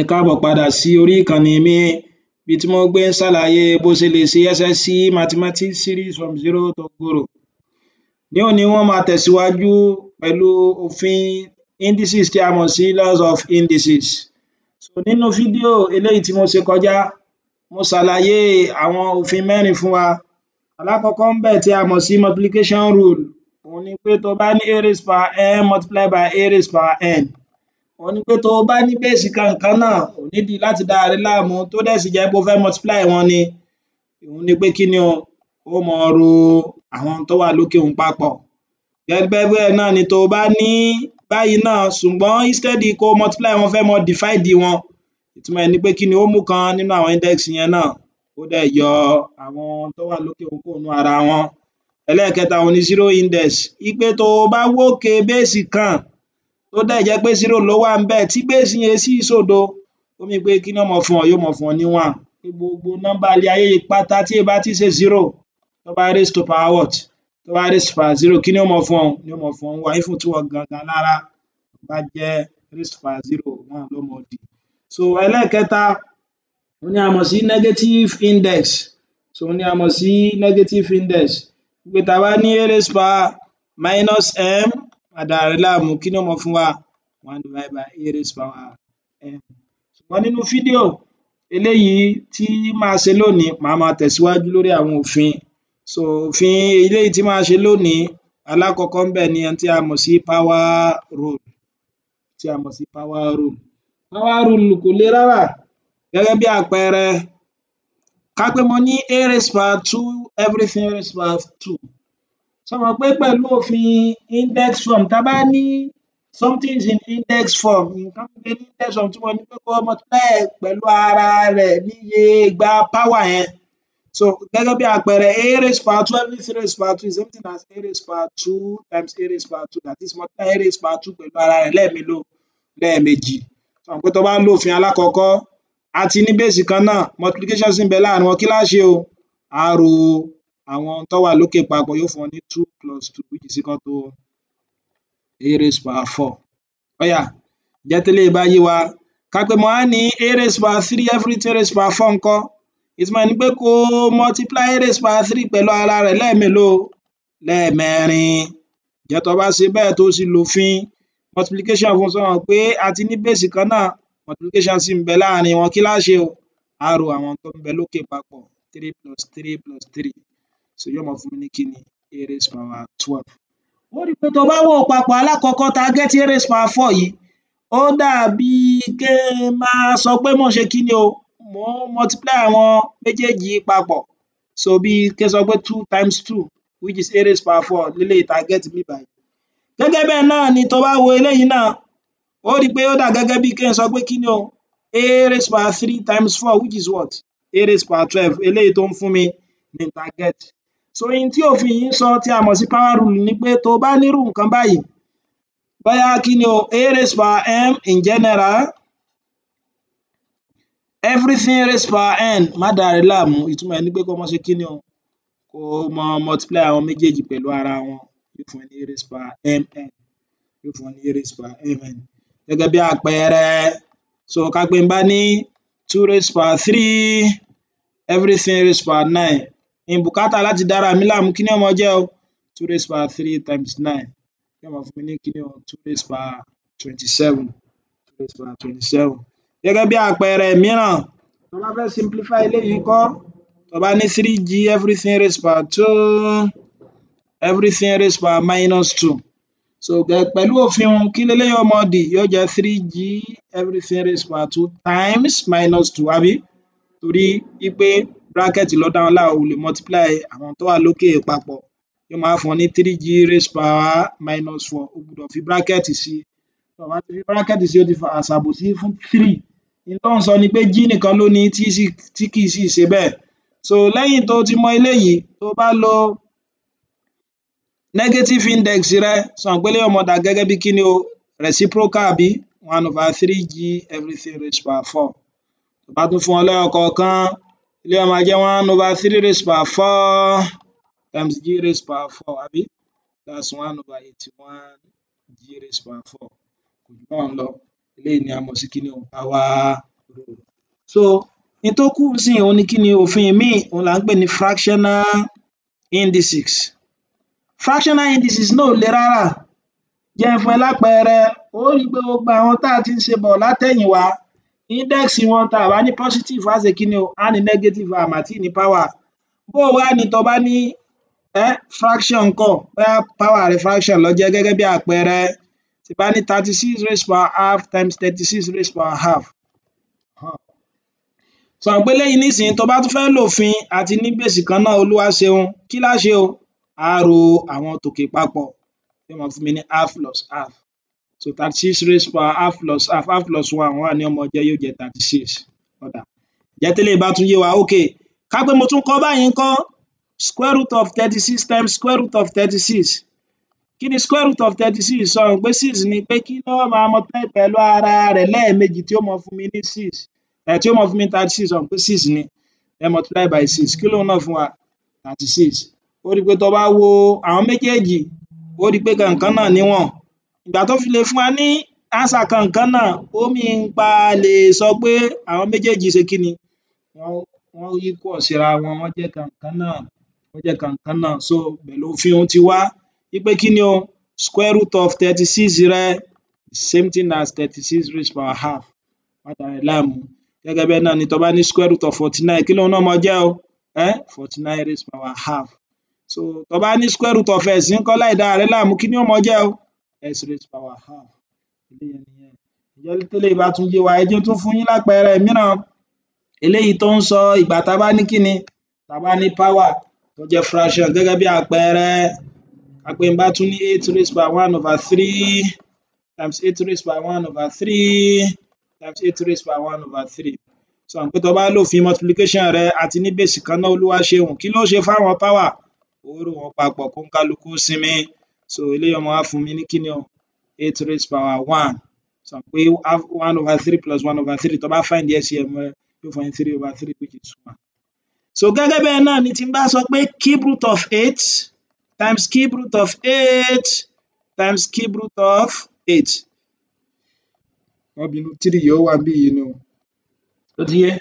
ẹ káàbọ̀ padà sí orí ìkànnì mi ibi tí wọ́n gbé ń ṣàlàyé bó ṣe lè ṣe SSC Mathematics series from zero to goro. Ní òní wọ́n máa tẹ̀síwájú pẹ̀lú òfin indices tí a mọ̀ sí laws of indices. So nínú fídíò eléyìí tí mo ṣe kọjá mo ṣàlàyé àwọn òfin mẹ́rin fún wa. Alákọ̀ọ́kọ́ ńbẹ̀ tí a mọ̀ sí multiplication rule òun ni pé tó bá ní a raised power n multiply by a raised power n òun ni pé tó o bá ní bẹ́ẹ̀sì kankan náà kò nídìí láti dára rẹ láàmú tó dẹ̀ sì jẹ́ pé o fẹ́ multiply wọn ni òun ni pé kí ni o ó mọ ro àwọn tó wà lókè òun papọ̀ gẹ́gẹ́ bẹ́ẹ̀ náà ni tó o bá ní báyìí náà ṣùgbọ́n instead kó o multiply wọn fẹ́ mọ divide wọn ìtumọ̀ ẹ̀ ni pé kí ni ó mú kan nínú àwọn index yẹn náà ó dẹ̀ yọ àwọn tó wà lókè òun kúrò nínú ara wọn ẹlẹ́ẹ̀kẹta òun ni zero index ipe tó o bá wókè bẹ́ẹ̀sì kan tó dẹ̀ jẹ́ pé zero ló wà ńbẹ̀ tí base yẹn sì ṣòdo ó mean pé kí ni yóò máa fún ọ, yóò máa fún ọ ní one pé gbogbo nọ́ḿbà ilé ayé yìí pátá tí èé bá ti ṣe zero tó bá raise to power what tó bá raise to power zero kí ni yóò máa fún ọ, yóò máa fún ọ ní one even tí ìwọ gangan lára bá jẹ́ raise to power zero one ló máa dì. So ẹlẹ́ẹ̀kẹta òhun ni a mọ̀ sí negative index so òhun ni a mọ̀ sí negative index wí pé ta bá ní a raise to power minus m padà rẹ láàmú kí ni wọ́n mọ fún wa one divided by a raised power n ṣùgbọ́n nínú fídíò eléyìí tí máa ṣe lónìí màá máa tẹ̀síwájú lórí àwọn òfin so òfin eléyìí tí màá ṣe lónìí alákọ̀ọ́kọ́ ńbẹ̀ ni ohun tí a mọ̀ sí power rule tí a mọ̀ sí power rule power rule kò le rárá gẹ́gẹ́ bí àpẹẹrẹ ká pé mo ní a raised power two everything raised power two ṣẹ mọ̀ pé pẹ̀lú òfin index form tá a bá ní something is in index form nǹkan ń bẹ ní index form túmọ̀ ní pé kó multiply ẹ̀ pẹ̀lú ara rẹ̀ níye ìgbà power yẹn so gẹ́gẹ́ bí àpẹẹrẹ a raised power twelve is raised power two is same thing as a raised power two times a raised power two that is multiply a raised power two pẹ̀lú ara rẹ̀ lẹ́ẹ̀mélòó lẹ́ẹ̀mejì ṣẹ mọ̀ pé tó bá ń lo òfin alákọ̀ọ́kọ́ àti ní base kan náà multiplication sì ń bẹ láàrin wọn kí la á ṣe o a ro àwọn tán wà lókè papọ̀ yó fún wọn ní two plus two which is equal to a raised power four óyá ǹjẹ́ teléyìí bá yé wa ká pé mo wá ní a raised power three everything raised power four ńkọ́ ìtumọ̀ ẹ̀ ni pé kó o multiply a raised power three pẹ̀lú ara rẹ̀ lẹ́ẹ̀mélòó lẹ́ẹ̀mẹrin ǹjẹ́ tó o bá ṣe bẹ́ẹ̀ tó o sì lòfin multiplication fún un sọ hàn pé a ti ní base kan náà multiplication sì ń bẹ láàrin wọn kí la ṣe o a ro àwọn tó ń bẹ lókè papọ̀ three plus three plus three so yó máa fún mi ní kíni a-raised power twelve. Ó ó ri pé to bá wò ó papọ̀ alákọ̀ọ́kọ́ ta gẹ́tì a-raised power four yìí ó dàbí kí n máa sọ pé mò ń ṣe kíni o mò ń multiply àwọn méjèèjì yìí papọ̀ so bíi kí n sọ pé two times two which is a-raised power four leléyìí ta gẹ́tì níbí bàyìí. Gẹ́gẹ́ bẹ́ẹ̀ náà ni to bá wo eléyìí náà ó ó ri pé ó dà gẹ́gẹ́ bí kéèyàn sọ pé kíni o a-raised power three times four which is what a-raised power twelve eléyìí tó ń fún mi ní ta so ohun tí òfin yìí ń sọ tí a mọ̀ sí power rule ni pé tó o bá nírú nǹkan báyìí bóyá kí ni o a raised power m in general everything raised power n má dà rẹ láàmú ìtumọ̀ ẹ̀ ni pé kó mọ ṣe kí ni o kó mọ multiply àwọn méjèèjì pẹ̀lú ara wọn yóò fún ẹ ní a raised power mn yóò fún ẹ ní a raised power mn gẹ́gẹ́ bí àpẹẹrẹ so ká pé n bá ní two raised power three everything raised power nine in bùkátà láti dára mi láàmú kí ni yóò jẹ́ o two raised by three times nine yóò máa fún mi ní kí ni o two raised by twenty-seven two raised by twenty-seven gẹ́gẹ́ bí àpẹẹrẹ mìíràn tó bá fẹ́ simplify eléyìí ńkọ́ tó bá ní three g everything raised by two everything raised by minus two so pẹ̀lú òfin un kí leléyìí ó dì yóò jẹ́ three g everything raised by two times minus two àbí torí wípé bírákẹ̀tì lọ́down là o lè multiply àwọn tó wà lókè papọ̀ yóò máa fún ọ ní three g raised power minus four o gbúdọ̀ fi bracket sí tó o bá ti fi bírákẹ̀tì sí o ti ṣàbòsí fún three n tó ń sọ ni pé g nìkan ló ní tí kì í sì ṣe bẹ́ẹ̀ so lẹ́yìn tó ti mọ eléyìí tó bá lo negative index rẹ sọ pé eléyìí ọmọ dà gẹ́gẹ́ bí kíni o reciprocal bí one over three g everything raised power four tó bá tún fún ọ lẹ́yọ kọ̀ọ̀kan eléyìí á máa jẹ́ one over three raised by four times g raised by four àbí that's one over eighty-one g raised by four kò jù báwọn lọ eléyìí ni a mọ̀ sí kíni o power so n tó kù nísìnyí òhun ni kíni òfin míì òhun là ń pè ní fractional indices fractional indices náà ò le rárá jẹ́ n fún ẹ lápẹẹrẹ o ó rí i pé gbogbo àwọn tá a ti ń ṣe bọ̀ látẹ̀yìnwá index wọn tá a bá ní positive á ṣe kí ni o á ní negative a mà ní power bó o wá ní tó bá ní fraction ńkọ́ bóyá power refraction. fraction ló jẹ́ gẹ́gẹ́ bí àpẹẹrẹ tí bá ní thirty six raised power half times thirty six raised power half sọ pé lẹ́yìn nísìnyí tó bá tún fẹ́ lòfin àti ní bèsì kan náà Olúwaṣeun kí lá ṣe o á àwọn tòkè papọ̀ yóò máa fún mi ní half plus half so 36 six raised power half plus half half plus one one ni ọmọ jẹ́ yóò jẹ́ thirty six ọ̀dà jẹ́ tẹ́lẹ̀ bá tún yé wa ok ká pé mo tún kọ́ báyìí ńkọ́ square root of 36 times square root of 36. six kí ni square root of 36 six sọ pé six ni pé kí ló máa mọ tẹ́ pẹ̀lú ara rẹ̀ lẹ́ẹ̀mejì tí ó mọ fún mi ní six ẹ̀ tí ó mọ fún mi thirty six pé six ni ẹ multiply by 6. kí lóun náà fún wa thirty six ó rí i pé tó bá wo àwọn méjèèjì ó rí i pé kankan náà níwọ̀n ìgbà tó fi lè fún wa ní ánsà kọ̀ọ̀kan náà ó mean pa lè sọ pé àwọn méjèèjì ṣe kíni wọ́n equal síra wọn wọ́n jẹ́ kọ̀ọ̀kan náà wọ́n jẹ́ kọ̀ọ̀kan náà so pẹ̀lú òfin òhun ti wá wípé kíni o square root of thirty six rẹ same thing as thirty six raised power half má da rẹ̀ láàmú gẹ́gẹ́ bẹ́ẹ̀ náà ni tó bá ní square root of forty nine kí lòun náà máa jẹ́ o um forty nine raised power half so tó bá ní square root of s ńkọ́ láì da rẹ̀ láàmú kí ni ó máa jẹ́ o x raised power half eléyìí nìyẹn ìjẹ́ tẹ́lẹ̀ bá tún yé wa ẹ jẹ́ tún fún yín lápẹẹrẹ mìíràn eléyìí tó ń sọ ìgbà tá a bá ní kíni tá a bá ní power tó jẹ́ fraction gẹ́gẹ́ bí àpẹẹrẹ àpè ń bá tún ní eight raised by one over three times eight raised by one over three times eight raised by one over three sọ pé tó bá lòfin multiplication rẹ àti ní bèsì kan náà olúwa ṣeun kí ló ṣe fáwọn power òórùn wọn papọ̀ kó ń kálukú sinmi so eléyìí ọmọ wa fún mi ní kíni o eight raised power one sọ pé one over three plus one over three tó bá find LCM rẹ two point three over three which is one. so gẹ́gẹ́ bẹ́ẹ̀ náà ni tí n bá sọ pé cube root of eight times cube root of eight times cube root of eight wọ́n bínú three yóò wà bí yìí ni o tó ti yé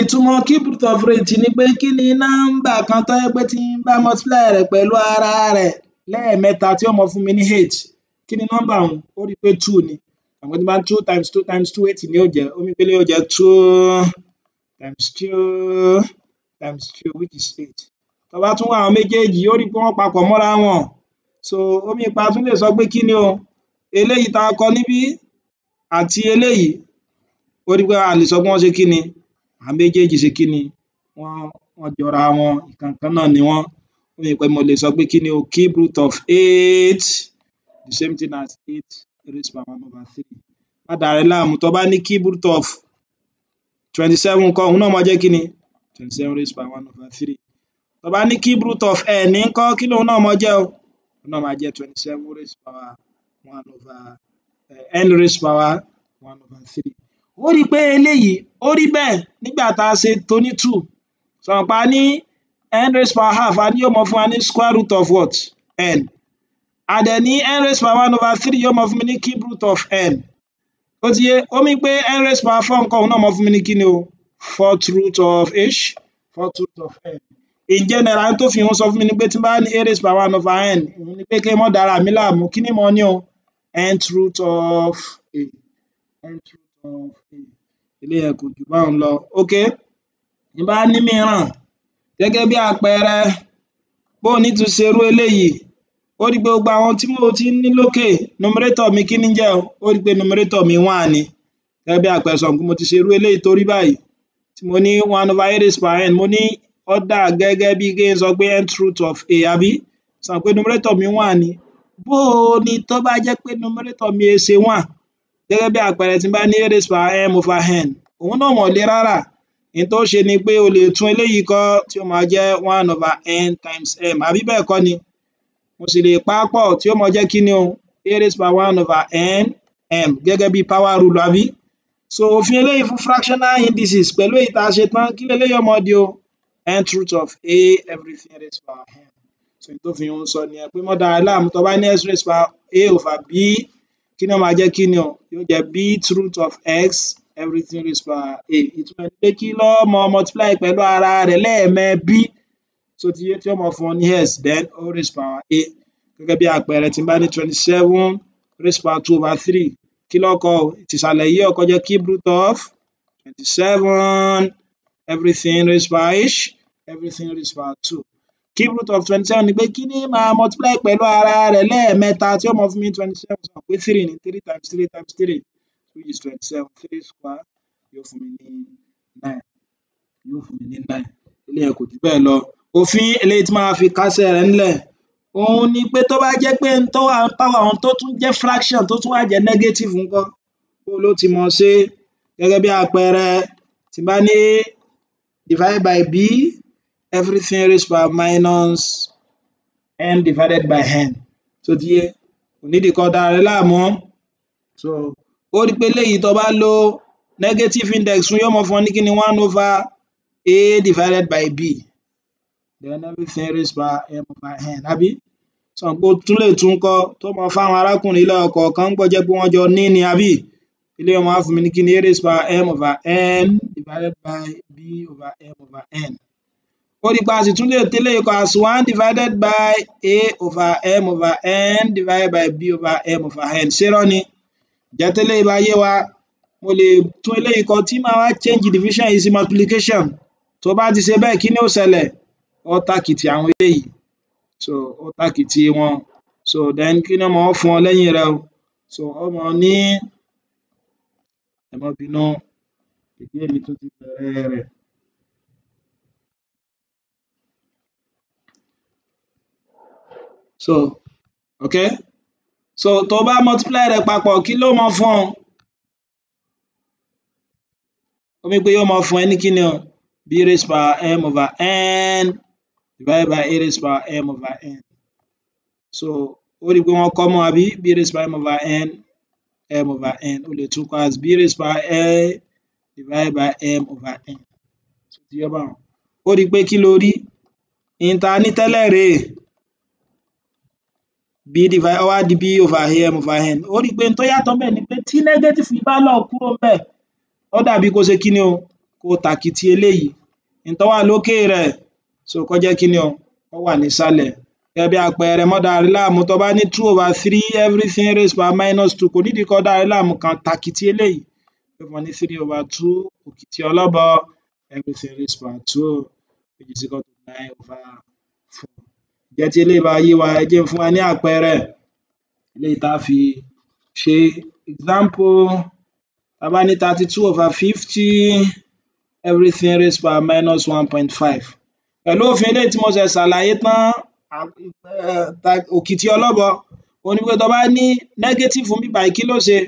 ìtumọ̀ cube root of eight ni pé kí ni nọ́mbà kan tó yẹ pé tí n bá multiply rẹ̀ pẹ̀lú ara rẹ̀ lẹ́ẹ̀mẹta tí ó mọ fún mi ní eight kí ni nọ́mbà ọ̀hún ó rí i pé two ni àmọ́ tí bá two times two times two eight ni yóò jẹ́ ó ní pé yóò jẹ́ two times two times two which is eight tó bá tún wá àwọn méjèèjì yóò rí i pé wọ́n papọ̀ mọ́ra wọn so ó ní ipa tún lè sọ pé kí ni o eléyìí tá a kọ níbí àti eléyìí ó rí i pé a lè sọ pé wọ́n ṣe kí ni àwọn méjèèjì ṣe kí ni wọ́n jọra wọn ìkan kan náà ni wọ́n fún ìpẹ́ mo lè sọ pé kí ni o cube root of eight the same thing as eight raised by one three má dàrẹ láàmú tó bá ní cube root of twenty seven kọ́ òun náà máa jẹ́ kí ni twenty seven raised by one over three tó bá ní cube root of n ńkọ́ kí lòun náà máa jẹ́ o òun náà máa jẹ́ twenty seven raised by one over eh, n raised by one over three ó rí i pé eléyìí ó rí bẹ́ẹ̀ nígbà tá a ṣe tó two sọ̀rọ̀ ní n raised power half a ní yóò mọ fún wa ní square root of what n a dẹ̀ ní n raised power one over three yóò mọ fún mi ní cube root of n ó ti yé ó pé n raised power four nǹkan òun náà mọ fún mi ní kí ni o fourth root of h fourth root of n in general tó fi hàn sọ fún mi ni pé tí n bá ní a raised power one over n òun ni pé kí n mọ́ dára mi láàmú kí ni mo ní o nth root of a nth root of a ilé yẹn kò jù báwọn lọ ok n bá ní mìíràn. Gẹ́gẹ́ bí àpẹẹrẹ, bó ní tún ṣe irú eléyìí, ó ri pé gbogbo àwọn tí mo ti ní lókè numerator mi kí ní jẹ́ Ó ri pé numerator mi one ni. Gẹ́gẹ́ bí àpẹẹrẹ sọ̀ǹgù mo ti ṣe irú eléyìí torí báyìí tí mo ní one over a raised by n mo ní ó dà gẹ́gẹ́ bí kí n sọ pé nth root of a àbí? Ṣẹ mọ̀ pé numerator mi one ni. Bó o ni tó bá jẹ́ pé numerator mi ṣe one? Gẹ́gẹ́ bí àpẹẹrẹ tí n bá ní a raised by m over n òhun náà mà le rárá in tó ṣe ni pé o lè tún eléyìí kọ́ tí ó máa jẹ́ one over n times m àbí bẹ́ẹ̀ kọ́ ni mo sì lè pa á pọ̀ tí ó máa jẹ́ kí ni o a raised by one over n m gẹ́gẹ́ bí power rule àbí so òfin eléyìí fún fractional indices pẹ̀lú èyí tá a ṣe tán kí leléyìí ọmọ di o nth root of a everything raised by n so n tó fi ń sọ nìyẹn pé mọ́ dára láàmú tó bá ní x raised by a over b kí ni ó máa jẹ́ kí ni o yóò jẹ́ b root of x everything is power a ìtumọ̀ ẹni pé kí ló mọ multiply pẹ̀lú ara rẹ̀ lẹ́ẹ̀mẹ́ b tó ti yé tí ó fún ọ ní s then ó raised power a gẹ́gẹ́ bí àpẹẹrẹ tí n bá ní twenty seven raised power two over three kí ló kọ o ìtìsàlẹ̀ yìí ọkọ jẹ́ cube root of twenty seven everything raised power ish. everything raised power two Keep root of twenty seven ni pé kí ni máa multiply pẹ̀lú ara rẹ̀ lẹ́ẹ̀mẹ́ta tí ó mọ fún mi twenty seven sọ pé three ni three times three times three which is twenty seven three square yóò fún mi ní nine yóò fún mi ní nine eléyẹn kò jù bẹ́ẹ̀ lọ òfin eléyìí tí máa fi kásẹ̀ rẹ̀ ńlẹ̀ òun ni pé tó bá jẹ́ pé tó wà ń power òun tó tún jẹ́ fraction tó tún wá jẹ́ negative ńkọ́ bó ló ti mọ ṣe gẹ́gẹ́ bí àpẹẹrẹ tí bá ní divided by b everything raised by minus n divided by n tó ti yé kò nídìí kó dá ara rẹ láàmú so ó rí pé eléyìí tó bá lo negative index fún yóò mọ fún ọ ní kíni one over a divided by b then everything raised by m over n àbí sọ̀pọ̀ tún lè tún kọ tó mọ fáwọn arákùnrin lọ́kọ̀ọ̀kan gbọ́ jẹ́ pé wọ́n jọ ní ni àbí ilé ọmọ á fún mi ní kíni a raised by m over n divided by b over m over n ó rí pé a sì tún lè tẹ́lẹ̀ ikọ̀ as one divided by a over m over n divided by b over m over n ṣé rọ́ ni. Ǹjẹ́ téléyìí bá yé wa mo lè tún eléyìí kọ tí màá wá change division yìí sí multiplication tó bá ti ṣe bẹ́ẹ̀ kí ni yóò ṣẹlẹ̀ ó tàkìtì àwọn eléyìí so ó tàkìtì wọn so then kí ná máa fún ọ lẹ́yìn rẹ̀ o so ó máa ní ẹ má bínú ìwé mi tún ti bẹ̀rẹ̀ rẹ̀. So, okay so tó bá multiply rẹ̀ papọ̀ kí ló mọ fún ọ ó mí pé yóò mọ fún ẹ ní kíni o b raised power m over n divided by a raised power m over n so ó rí i pé wọ́n kọ́ mọ́ àbí b raised power m over n m over n o lè tún kọ as b raised power a divided by m over n so ti yọ báwọn ó rí i pé kí lo rí n ta ní bí divide over di b over am over n ó rí i pé ohun tó yàtọ̀ ńbẹ̀ ni pé tí negative yìí bá lọ kúrò ńbẹ̀ ó dàbí kó ṣe kí ni o kó tàkìtì eléyìí ohun wà lókè rẹ̀ so kó jẹ́ kí ni o kó wà nísàlẹ̀ gẹ́gẹ́ bí àpẹẹrẹ má dàá rẹ láàmú tó bá ní two over three everything raised by minus two kò nídìí kó dàá rẹ láàmú kan tàkìtì eléyìí yóò fún ọ ní three over two òkìtì ọlọ́bọ everything raised by two which is equal to nine over four jẹ́ tí eléyìí bá yé wa ẹ jẹ́ fún wa ní àpẹẹrẹ eléyìí tá fi ṣe example ta bá ní thirty two over fifty everything raised by minus one point five pẹ̀lú òfin eléyìí tí mo ṣe ṣàlàyé tán òkìtì ọlọ́bọ òun ni pé tó bá ní negative ń bí báyìí kí ló ṣe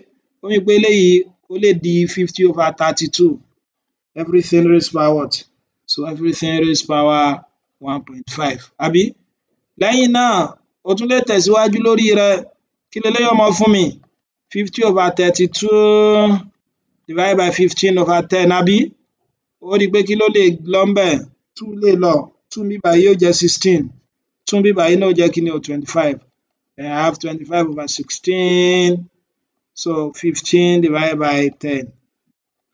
ó ní pé eléyìí ó lè di fifty over thirty two everything raised by what so everything raised by one point five àbí lẹ́yìn náà o tún lè tẹ̀síwájú lórí rẹ̀ kí leléyìí ó máa fún mi fifty over thirty two divided by fifteen over ten àbí ó rí i pé kí ló lè lọ ńbẹ̀ two lè lọ two níbí báyìí yóò jẹ́ sixteen two níbí báyìí náà jẹ́ kí ni o twenty five I have twenty five over sixteen so fifteen divided by ten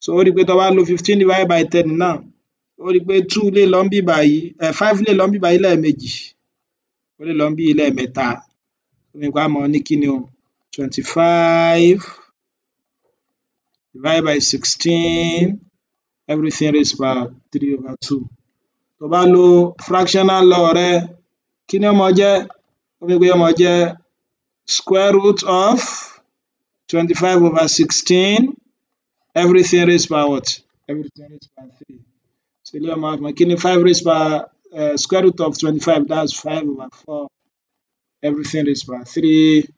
so ó rí i pé tó bá lo fifteen divided by ten náà ó rí i pé two lè lọ ńbí báyìí eh, five lè lọ ńbí báyìí lẹ́ẹ̀mejì ó lè lọ níbí yìí lẹ́ẹ̀mẹta nípa á mọ ní kíni o twenty five divided by sixteen everything raised by three over two tó bá lo fractional law rẹ kíni ó jẹ́ ó fi pé jẹ́ square root of twenty five over sixteen everything raised by what everything raised by three ṣe ilé ọmọ kíni five raised by uh, square root of 25, that's 5 over 4. Everything raised by 3.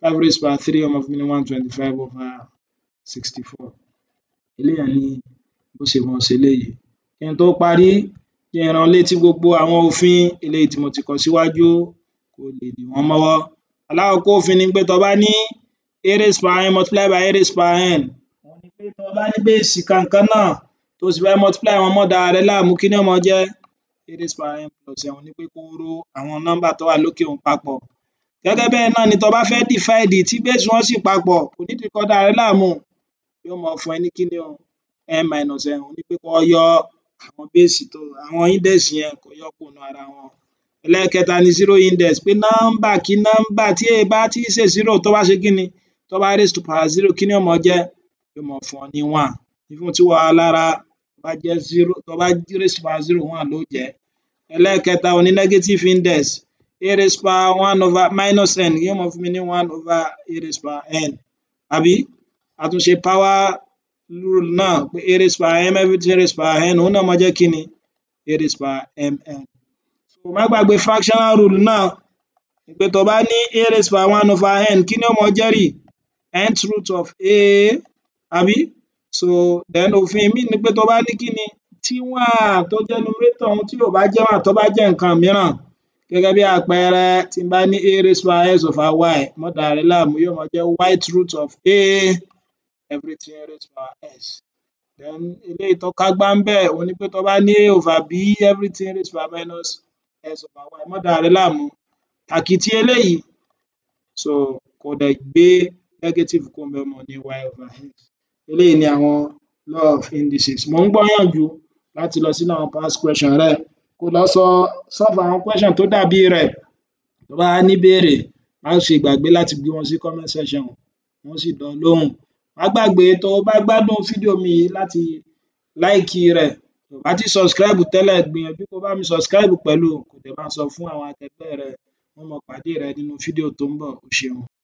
5 raised by 3 ọmọ fún mi ní 125 over 64. Eléyà ni bó ṣe mọ̀ ṣe léyìí. Kí n tó parí, kí n rán létí gbogbo àwọn òfin eléyìí tí mo ti kọ síwájú kó lè dì wọ́n mọ́wọ́. Alákọ̀ọ́kọ́ òfin ni pé tó bá a raised by n multiply by a raised by n. Òun pe pé tó bá ní bẹ́ẹ̀sì kankan náà tó sì fẹ́ multiply wọn mọ́ dára rẹ láàmú kí eight per m plus n ni pé kó ró àwọn nọ́mbà tó wà lókè un papọ̀. Gẹ́gẹ́ bẹ́ẹ̀ náà ni tó bá fẹ́ divide tí base wọn sì papọ̀ kò nídìí kó dára rẹ láàmú yóò máa fún ẹ ní kíni o n minus n ni pé kó yọ àwọn base tó àwọn index yẹn kó yọ kúrò nínú ara wọn. Ẹlẹ́ẹ̀kẹta ni zero index pé nọ́mbà kí nọ́mbà tí è bá tí ì ṣe zero tó bá ṣe kíni tó bá raised to power zero kíni yóò máa jẹ́? Yóò máa fún ọ ní one. Even tí wàá lára bá jẹ́ zero tó bá raise zero one ló jẹ́ ẹlẹ́ẹ̀kẹta òní negative index a raise power one over minus n yóò mọ fún mi ní one over a raise power n àbí àtúnṣe power rule náà pé a raise power m everything raise n òun náà mọ jẹ́ kí ni a raise mn so má gbàgbé fractional rule náà pé tó bá ní a raise power one over n kí ni ó mọ jẹ́ nth root of a àbí so then òfin ìmíì ni pé tó bá ní kíni tí wáà tó jẹ́ numerator òun tí ò bá jẹ́ wáà tó bá jẹ́ nǹkan mìíràn gẹ́gẹ́ bí àpẹẹrẹ tí n bá ní a raised by s over y mo dà rẹ láàmú yóò máa jẹ́ white root of a everything raised by s then eléyìí tó kágbá ń bẹ̀ òun ni pé tó bá ní a over b everything raised by minus s over y mo dà rẹ láàmú tàkìtì eléyìí so kò dẹ̀ gbé negative kúrò ńbẹ̀ ó máa ní y over s eléyìí ni àwọn law of indices mò ń gbọ́yànjú láti lọ sínú àwọn past question rẹ kó lọ sọ solve àwọn question tó dàbí rẹ̀ tó bá ní ìbéèrè má ṣe gbàgbé láti gbé wọn sí comment section wọ́n sì dá lóhùn má gbàgbé tó o bá gbádùn fídíò mi yìí láti láìkí rẹ̀ tó bá ti subscribe tẹ́lẹ̀ gbìyànjú kó o bá mi subscribe pẹ̀lú kó dẹ̀ máa sọ fún àwọn akẹgbẹ́ rẹ wọ́n máa pàdé rẹ nínú fídíò tó ń bọ̀ o ṣeun.